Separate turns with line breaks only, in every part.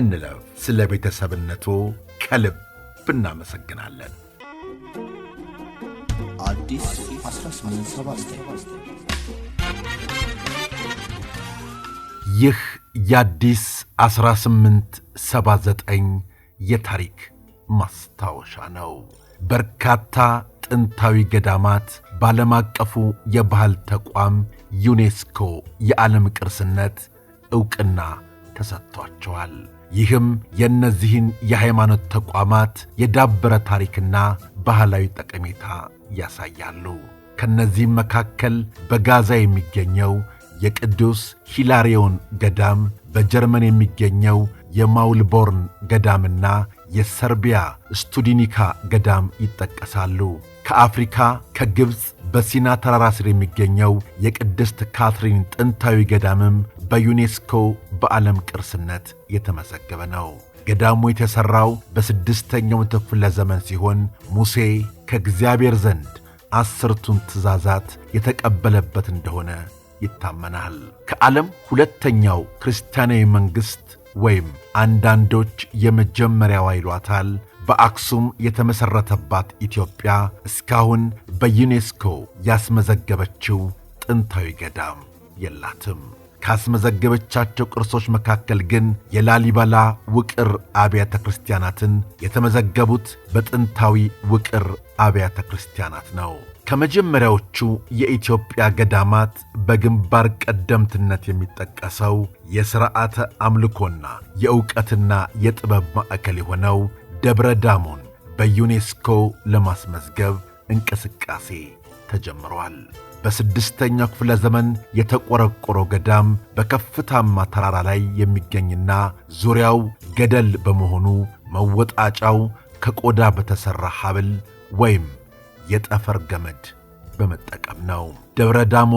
እንለፍ። ስለ ቤተሰብነቱ ከልብ እናመሰግናለን። ይህ የአዲስ 1879 የታሪክ ማስታወሻ ነው። በርካታ ጥንታዊ ገዳማት በዓለም አቀፉ የባህል ተቋም ዩኔስኮ የዓለም ቅርስነት ዕውቅና ተሰጥቷቸዋል። ይህም የእነዚህን የሃይማኖት ተቋማት የዳበረ ታሪክና ባህላዊ ጠቀሜታ ያሳያሉ። ከእነዚህም መካከል በጋዛ የሚገኘው የቅዱስ ሂላሪዮን ገዳም፣ በጀርመን የሚገኘው የማውልቦርን ገዳምና የሰርቢያ ስቱዲኒካ ገዳም ይጠቀሳሉ። ከአፍሪካ ከግብፅ በሲና ተራራ ስር የሚገኘው የቅድስት ካትሪን ጥንታዊ ገዳምም በዩኔስኮ በዓለም ቅርስነት የተመዘገበ ነው። ገዳሙ የተሠራው በስድስተኛው መቶ ክፍለ ዘመን ሲሆን ሙሴ ከእግዚአብሔር ዘንድ አስርቱን ትእዛዛት የተቀበለበት እንደሆነ ይታመናል። ከዓለም ሁለተኛው ክርስቲያናዊ መንግሥት ወይም አንዳንዶች የመጀመሪያዋ ይሏታል በአክሱም የተመሠረተባት ኢትዮጵያ እስካሁን በዩኔስኮ ያስመዘገበችው ጥንታዊ ገዳም የላትም። ካስመዘገበቻቸው ቅርሶች መካከል ግን የላሊበላ ውቅር አብያተ ክርስቲያናትን የተመዘገቡት በጥንታዊ ውቅር አብያተ ክርስቲያናት ነው። ከመጀመሪያዎቹ የኢትዮጵያ ገዳማት በግንባር ቀደምትነት የሚጠቀሰው የሥርዓተ አምልኮና የእውቀትና የጥበብ ማዕከል የሆነው ደብረ ዳሞን በዩኔስኮ ለማስመዝገብ እንቅስቃሴ ተጀምሯል። በስድስተኛው ክፍለ ዘመን የተቆረቆረው ገዳም በከፍታማ ተራራ ላይ የሚገኝና ዙሪያው ገደል በመሆኑ መወጣጫው ከቆዳ በተሠራ ሐብል ወይም የጠፈር ገመድ በመጠቀም ነው። ደብረ ዳሞ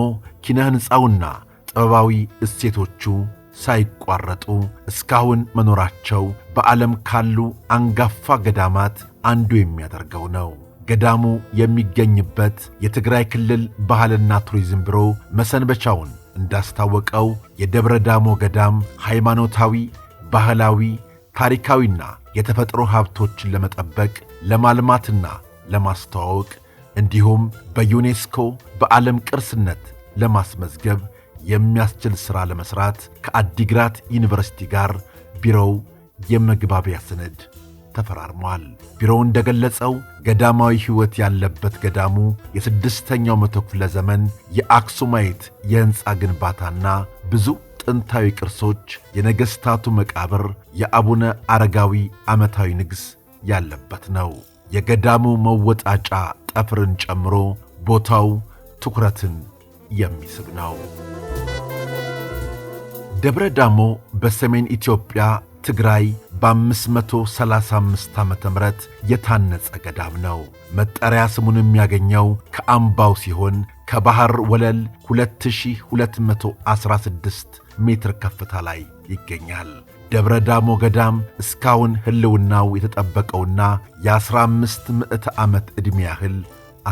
ኪነ ሕንፃውና ጥበባዊ እሴቶቹ ሳይቋረጡ እስካሁን መኖራቸው በዓለም ካሉ አንጋፋ ገዳማት አንዱ የሚያደርገው ነው። ገዳሙ የሚገኝበት የትግራይ ክልል ባህልና ቱሪዝም ቢሮ መሰንበቻውን እንዳስታወቀው የደብረ ዳሞ ገዳም ሃይማኖታዊ፣ ባህላዊ፣ ታሪካዊና የተፈጥሮ ሀብቶችን ለመጠበቅ ለማልማትና ለማስተዋወቅ እንዲሁም በዩኔስኮ በዓለም ቅርስነት ለማስመዝገብ የሚያስችል ሥራ ለመሥራት ከአዲግራት ዩኒቨርሲቲ ጋር ቢሮው የመግባቢያ ሰነድ ተፈራርሟል። ቢሮው እንደገለጸው ገዳማዊ ሕይወት ያለበት ገዳሙ የስድስተኛው መቶ ክፍለ ዘመን የአክሱማይት የሕንፃ ግንባታና ብዙ ጥንታዊ ቅርሶች፣ የነገሥታቱ መቃብር፣ የአቡነ አረጋዊ ዓመታዊ ንግሥ ያለበት ነው። የገዳሙ መወጣጫ ጠፍርን ጨምሮ ቦታው ትኩረትን የሚስብ ነው። ደብረ ዳሞ በሰሜን ኢትዮጵያ ትግራይ በ535 ዓ ም የታነጸ ገዳም ነው። መጠሪያ ስሙን የሚያገኘው ከአምባው ሲሆን ከባሕር ወለል 2216 ሜትር ከፍታ ላይ ይገኛል። ደብረ ዳሞ ገዳም እስካሁን ሕልውናው የተጠበቀውና የ15 ምዕተ ዓመት ዕድሜ ያህል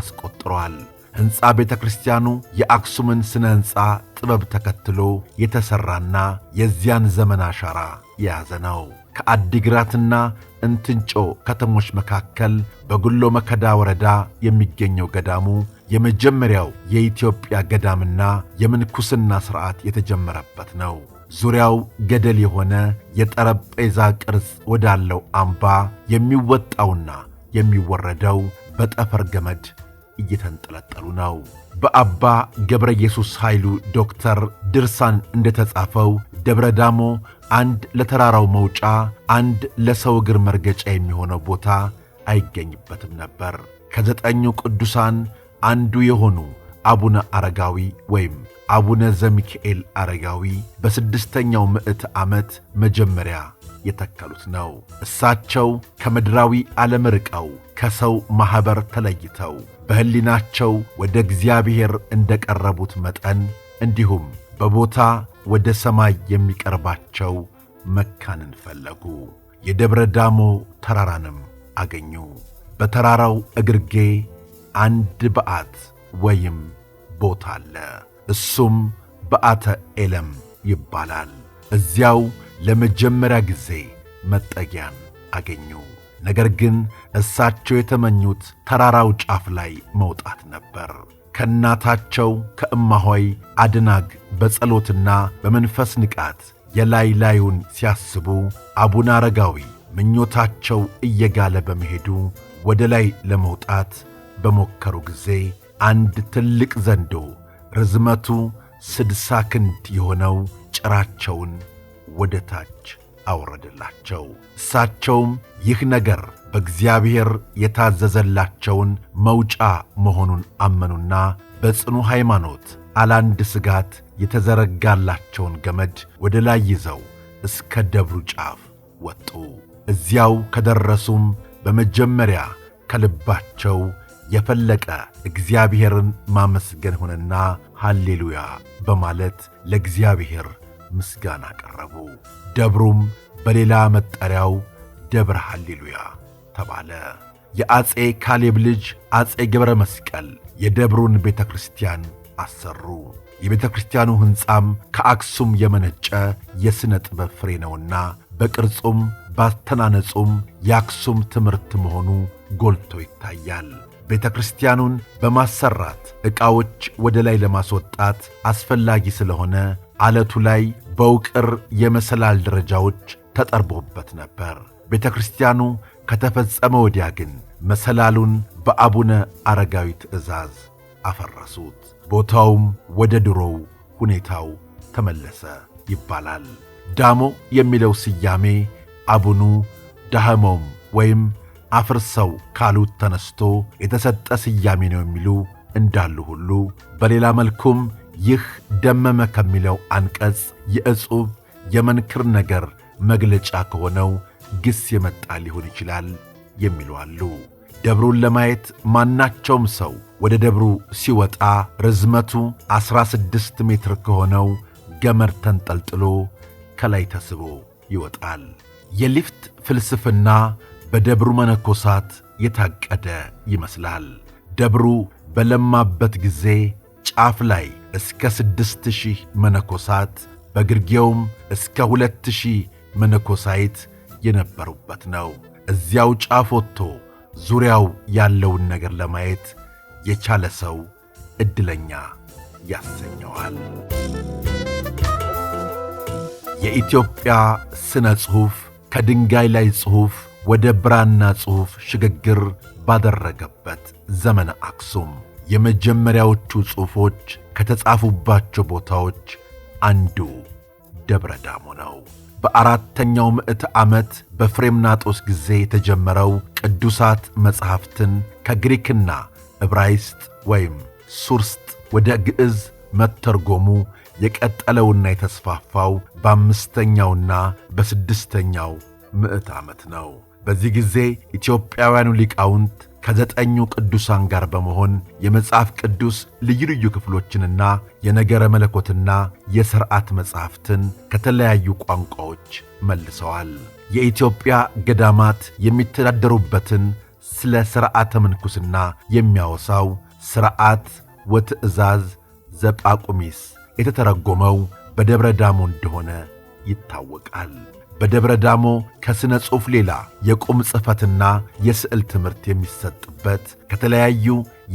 አስቆጥሯል። ሕንፃ ቤተ ክርስቲያኑ የአክሱምን ሥነ ሕንፃ ጥበብ ተከትሎ የተሠራና የዚያን ዘመን አሻራ የያዘ ነው። ከአዲግራትና እንትንጮ ከተሞች መካከል በጉሎ መከዳ ወረዳ የሚገኘው ገዳሙ የመጀመሪያው የኢትዮጵያ ገዳምና የምንኩስና ሥርዓት የተጀመረበት ነው። ዙሪያው ገደል የሆነ የጠረጴዛ ቅርጽ ወዳለው አምባ የሚወጣውና የሚወረደው በጠፈር ገመድ እየተንጠለጠሉ ነው። በአባ ገብረ ኢየሱስ ኃይሉ ዶክተር ድርሳን እንደተጻፈው ደብረ ዳሞ አንድ ለተራራው መውጫ፣ አንድ ለሰው እግር መርገጫ የሚሆነው ቦታ አይገኝበትም ነበር። ከዘጠኙ ቅዱሳን አንዱ የሆኑ አቡነ አረጋዊ ወይም አቡነ ዘሚካኤል አረጋዊ በስድስተኛው ምዕት ዓመት መጀመሪያ የተከሉት ነው። እሳቸው ከምድራዊ ዓለም ርቀው ከሰው ማኅበር ተለይተው በሕሊናቸው ወደ እግዚአብሔር እንደ ቀረቡት መጠን እንዲሁም በቦታ ወደ ሰማይ የሚቀርባቸው መካንን ፈለጉ። የደብረ ዳሞ ተራራንም አገኙ። በተራራው እግርጌ አንድ በዓት ወይም ቦታ አለ። እሱም በዓተ ኤለም ይባላል። እዚያው ለመጀመሪያ ጊዜ መጠጊያን አገኙ። ነገር ግን እሳቸው የተመኙት ተራራው ጫፍ ላይ መውጣት ነበር። ከእናታቸው ከእማሆይ አድናግ በጸሎትና በመንፈስ ንቃት የላይ ላዩን ሲያስቡ አቡነ አረጋዊ ምኞታቸው እየጋለ በመሄዱ ወደ ላይ ለመውጣት በሞከሩ ጊዜ አንድ ትልቅ ዘንዶ ርዝመቱ ስድሳ ክንድ የሆነው ጭራቸውን ወደ ታች አወረደላቸው። እሳቸውም ይህ ነገር በእግዚአብሔር የታዘዘላቸውን መውጫ መሆኑን አመኑና በጽኑ ሃይማኖት አላንድ ስጋት የተዘረጋላቸውን ገመድ ወደ ላይ ይዘው እስከ ደብሩ ጫፍ ወጡ። እዚያው ከደረሱም በመጀመሪያ ከልባቸው የፈለቀ እግዚአብሔርን ማመስገን ሆነና ሃሌሉያ በማለት ለእግዚአብሔር ምስጋና አቀረቡ። ደብሩም በሌላ መጠሪያው ደብረ ሃሌሉያ ተባለ። የአጼ ካሌብ ልጅ አጼ ገብረ መስቀል የደብሩን ቤተ ክርስቲያን አሰሩ። የቤተ ክርስቲያኑ ሕንፃም ከአክሱም የመነጨ የሥነ ጥበብ ፍሬ ነውና በቅርጹም ባስተናነጹም የአክሱም ትምህርት መሆኑ ጎልቶ ይታያል። ቤተ ክርስቲያኑን በማሰራት ዕቃዎች ወደ ላይ ለማስወጣት አስፈላጊ ስለሆነ አለቱ ላይ በውቅር የመሰላል ደረጃዎች ተጠርቦበት ነበር። ቤተ ክርስቲያኑ ከተፈጸመ ወዲያ ግን መሰላሉን በአቡነ አረጋዊ ትእዛዝ አፈረሱት። ቦታውም ወደ ድሮው ሁኔታው ተመለሰ ይባላል። ዳሞ የሚለው ስያሜ አቡኑ ዳህሞም ወይም አፍርሰው ካሉት ተነስቶ የተሰጠ ስያሜ ነው የሚሉ እንዳሉ ሁሉ በሌላ መልኩም ይህ ደመመ ከሚለው አንቀጽ የእጹብ የመንክር ነገር መግለጫ ከሆነው ግስ የመጣ ሊሆን ይችላል የሚሉ አሉ። ደብሩን ለማየት ማናቸውም ሰው ወደ ደብሩ ሲወጣ ርዝመቱ ዐሥራ ስድስት ሜትር ከሆነው ገመድ ተንጠልጥሎ ከላይ ተስቦ ይወጣል። የሊፍት ፍልስፍና በደብሩ መነኮሳት የታቀደ ይመስላል። ደብሩ በለማበት ጊዜ ጫፍ ላይ እስከ ስድስት ሺህ መነኮሳት በግርጌውም እስከ ሁለት ሺህ መነኮሳይት የነበሩበት ነው። እዚያው ጫፍ ወጥቶ ዙሪያው ያለውን ነገር ለማየት የቻለ ሰው ዕድለኛ ያሰኘዋል። የኢትዮጵያ ሥነ ጽሑፍ ከድንጋይ ላይ ጽሑፍ ወደ ብራና ጽሑፍ ሽግግር ባደረገበት ዘመነ አክሱም የመጀመሪያዎቹ ጽሑፎች ከተጻፉባቸው ቦታዎች አንዱ ደብረ ዳሞ ነው። በአራተኛው ምዕት ዓመት በፍሬምናጦስ ጊዜ የተጀመረው ቅዱሳት መጻሕፍትን ከግሪክና ዕብራይስጥ ወይም ሱርስጥ ወደ ግዕዝ መተርጎሙ የቀጠለውና የተስፋፋው በአምስተኛውና በስድስተኛው ምዕት ዓመት ነው። በዚህ ጊዜ ኢትዮጵያውያኑ ሊቃውንት ከዘጠኙ ቅዱሳን ጋር በመሆን የመጽሐፍ ቅዱስ ልዩ ልዩ ክፍሎችንና የነገረ መለኮትና የሥርዓት መጻሕፍትን ከተለያዩ ቋንቋዎች መልሰዋል። የኢትዮጵያ ገዳማት የሚተዳደሩበትን ስለ ሥርዓተ ምንኩስና የሚያወሳው ሥርዓት ወትእዛዝ ዘጳቁሚስ የተተረጎመው በደብረ ዳሞ እንደሆነ ይታወቃል። በደብረ ዳሞ ከሥነ ጽሑፍ ሌላ የቁም ጽሕፈትና የስዕል ትምህርት የሚሰጥበት ከተለያዩ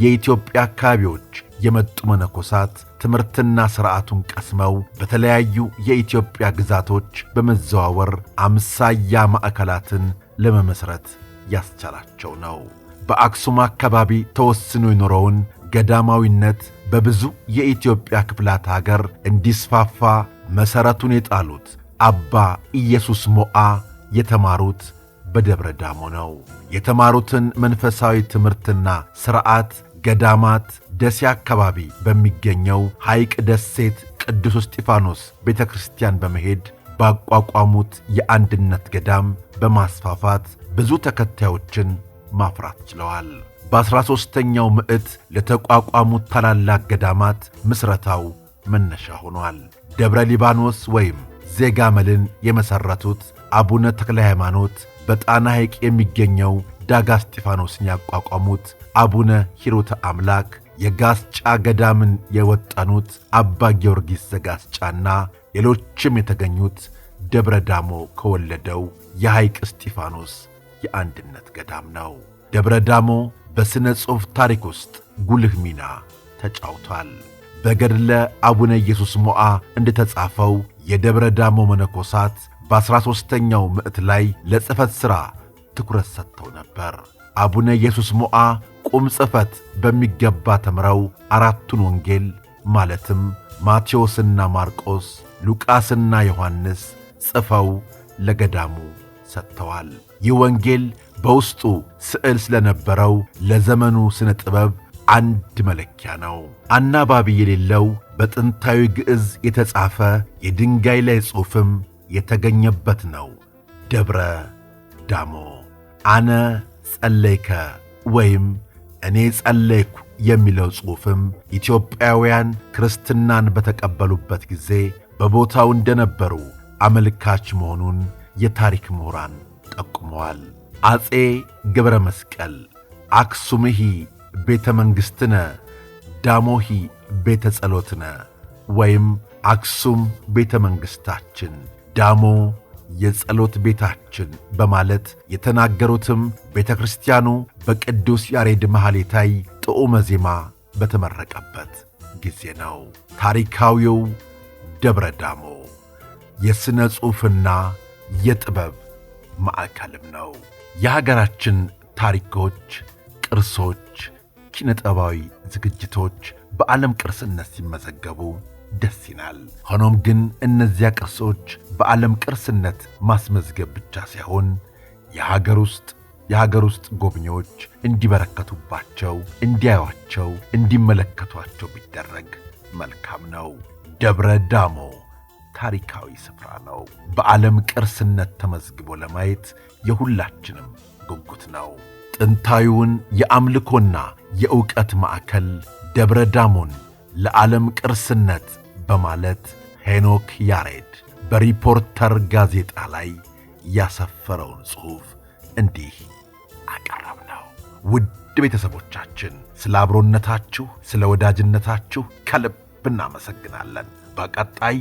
የኢትዮጵያ አካባቢዎች የመጡ መነኮሳት ትምህርትና ሥርዓቱን ቀስመው በተለያዩ የኢትዮጵያ ግዛቶች በመዘዋወር አምሳያ ማዕከላትን ለመመሥረት ያስቻላቸው ነው። በአክሱም አካባቢ ተወስኖ የኖረውን ገዳማዊነት በብዙ የኢትዮጵያ ክፍላት አገር እንዲስፋፋ መሠረቱን የጣሉት አባ ኢየሱስ ሞዓ የተማሩት በደብረ ዳሞ ነው። የተማሩትን መንፈሳዊ ትምህርትና ሥርዓት ገዳማት ደሴ አካባቢ በሚገኘው ሐይቅ ደሴት ቅዱስ እስጢፋኖስ ቤተ ክርስቲያን በመሄድ ባቋቋሙት የአንድነት ገዳም በማስፋፋት ብዙ ተከታዮችን ማፍራት ችለዋል። በአሥራ ሦስተኛው ምዕት ለተቋቋሙት ታላላቅ ገዳማት ምስረታው መነሻ ሆኗል። ደብረ ሊባኖስ ወይም ዜጋ መልን የመሠረቱት አቡነ ተክለ ሃይማኖት በጣና ሐይቅ የሚገኘው ዳጋ እስጢፋኖስን ያቋቋሙት አቡነ ሂሮተ አምላክ የጋስጫ ገዳምን የወጠኑት አባ ጊዮርጊስ ዘጋስጫና ሌሎችም የተገኙት ደብረ ዳሞ ከወለደው የሐይቅ እስጢፋኖስ የአንድነት ገዳም ነው። ደብረ ዳሞ በሥነ ጽሑፍ ታሪክ ውስጥ ጉልህ ሚና ተጫውቷል። በገድለ አቡነ ኢየሱስ ሞዓ እንደተጻፈው የደብረ ዳሞ መነኮሳት በ13ኛው ምዕት ላይ ለጽፈት ሥራ ትኩረት ሰጥተው ነበር። አቡነ ኢየሱስ ሞዓ ቁም ጽፈት በሚገባ ተምረው አራቱን ወንጌል ማለትም ማቴዎስና ማርቆስ፣ ሉቃስና ዮሐንስ ጽፈው ለገዳሙ ሰጥተዋል። ይህ ወንጌል በውስጡ ስዕል ስለነበረው ለዘመኑ ሥነ ጥበብ አንድ መለኪያ ነው። አናባቢ የሌለው በጥንታዊ ግዕዝ የተጻፈ የድንጋይ ላይ ጽሑፍም የተገኘበት ነው። ደብረ ዳሞ አነ ጸለይከ ወይም እኔ ጸለይኩ የሚለው ጽሑፍም ኢትዮጵያውያን ክርስትናን በተቀበሉበት ጊዜ በቦታው እንደነበሩ አመልካች መሆኑን የታሪክ ምሁራን ጠቁመዋል። አጼ ገብረ መስቀል አክሱምሂ ቤተ መንግሥትነ ዳሞሂ ቤተ ጸሎትነ ወይም አክሱም ቤተ መንግሥታችን፣ ዳሞ የጸሎት ቤታችን በማለት የተናገሩትም ቤተ ክርስቲያኑ በቅዱስ ያሬድ መሐሌታይ ጥዑመ ዜማ በተመረቀበት ጊዜ ነው። ታሪካዊው ደብረ ዳሞ የሥነ ጽሑፍና የጥበብ ማዕከልም ነው። የሀገራችን ታሪኮች፣ ቅርሶች፣ ኪነጠባዊ ዝግጅቶች በዓለም ቅርስነት ሲመዘገቡ ደስ ይላል። ሆኖም ግን እነዚያ ቅርሶች በዓለም ቅርስነት ማስመዝገብ ብቻ ሳይሆን የሀገር ውስጥ የሀገር ውስጥ ጎብኚዎች እንዲበረከቱባቸው፣ እንዲያዩቸው እንዲመለከቷቸው ቢደረግ መልካም ነው። ደብረ ዳሞ ታሪካዊ ስፍራ ነው። በዓለም ቅርስነት ተመዝግቦ ለማየት የሁላችንም ጉጉት ነው። ጥንታዊውን የአምልኮና የእውቀት ማዕከል ደብረ ዳሞን ለዓለም ቅርስነት በማለት ሄኖክ ያሬድ በሪፖርተር ጋዜጣ ላይ ያሰፈረውን ጽሑፍ እንዲህ አቀረብ ነው። ውድ ቤተሰቦቻችን ስለ አብሮነታችሁ፣ ስለ ወዳጅነታችሁ ከልብ እናመሰግናለን። በቀጣይ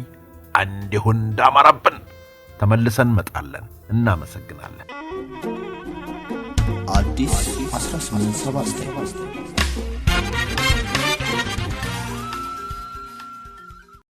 እንዲሁን እንዳማረብን ተመልሰን መጣለን እናመሰግናለን። አዲስ 1879